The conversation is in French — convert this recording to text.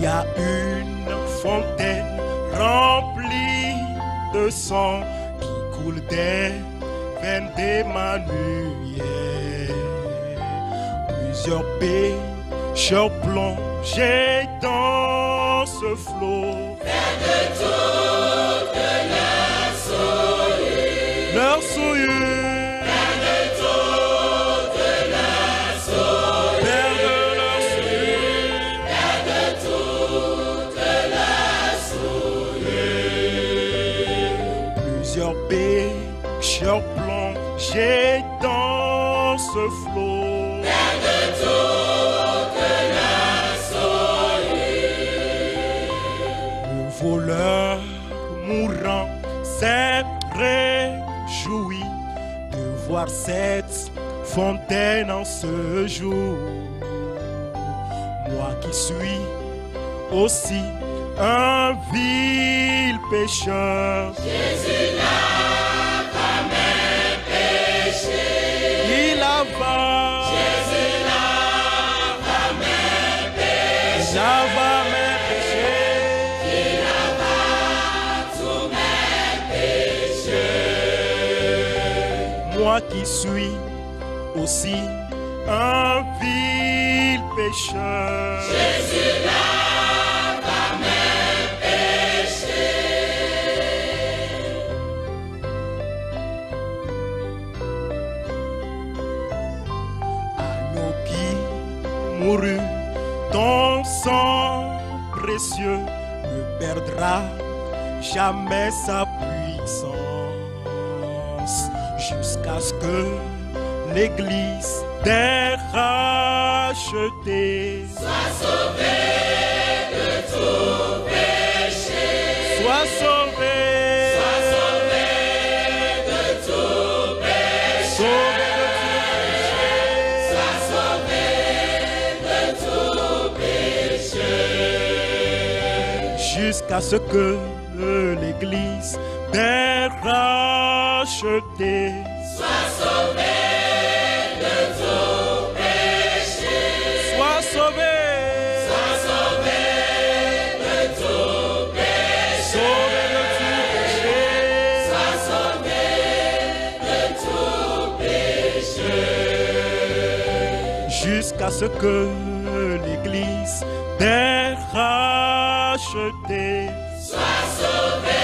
Il y a une fontaine remplie de sang qui coule des veines d'Emmanuel. Plusieurs pécheurs plongés dans ce flot. absorbé, plombs, j'ai dans ce flot. le Le voleur mourant s'est réjoui de voir cette fontaine en ce jour. Moi qui suis aussi un vide pécheurs. Jésus n'a pas mes péchés. Il lave. Jésus là pas mes péchés. J'avais mes péchés. Il va tous mes péchés. Moi qui suis aussi un vil pécheur. Jésus là ton sang précieux ne perdra jamais sa puissance jusqu'à ce que l'Église des rachetés soit sauvée de tout péché. Soit sauvée. Soit sauvée de tout péché. jusqu'à ce que l'Église d'être rachetée soit sauvée de tout péché. Soit sauvée. Soit sauvée de tout péché. Soit sauvée de tout péché. Jusqu'à ce que l'Église d'être acheter Sois sauvé.